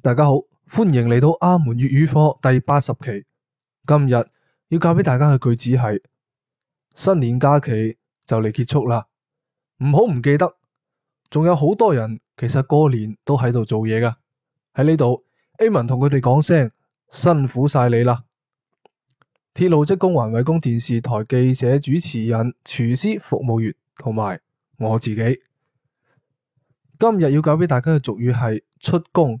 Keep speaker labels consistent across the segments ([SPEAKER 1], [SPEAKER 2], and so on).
[SPEAKER 1] 大家好，歡迎嚟到阿門粵語課第八十期。今日要教俾大家嘅句子係：新年假期就嚟結束啦，唔好唔記得，仲有好多人其實過年都喺度做嘢噶。喺呢度，Amen 同佢哋講聲辛苦晒你啦。鐵路職工、環衛工、電視台記者、主持人、廚師、服務員同埋我自己。今日要教俾大家嘅俗語係出恭。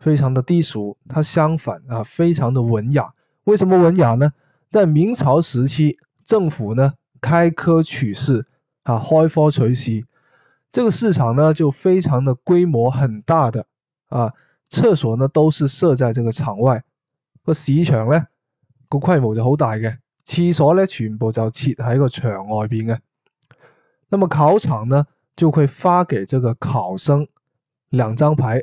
[SPEAKER 1] 非常的低俗，它相反啊，非常的文雅。為什麼文雅呢？在明朝時期，政府呢開科取士啊，開科取士，啊、取這個市場呢就非常的規模很大的啊。廁所呢都是設在這個場外，個市場呢個規模就好大嘅，廁所呢全部就設喺個場外邊嘅。那麼考場呢就會發給這個考生兩張牌。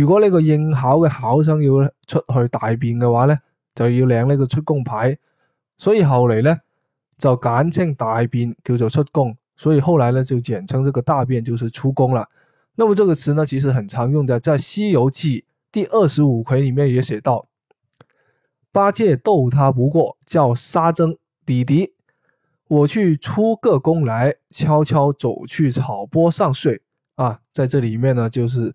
[SPEAKER 1] 如果呢個應考嘅考生要出去大便嘅話呢就要領呢個出恭牌，所以後嚟呢，就簡稱大便叫做出恭，所以後來呢，就簡稱這個大便就是出恭啦。那麼這個詞呢其實很常用的在《西遊記》第二十五回裏面也寫到，八戒鬥他不過，叫沙僧弟弟。我去出個恭來，悄悄走去草坡上睡。啊，在這裏面呢就是。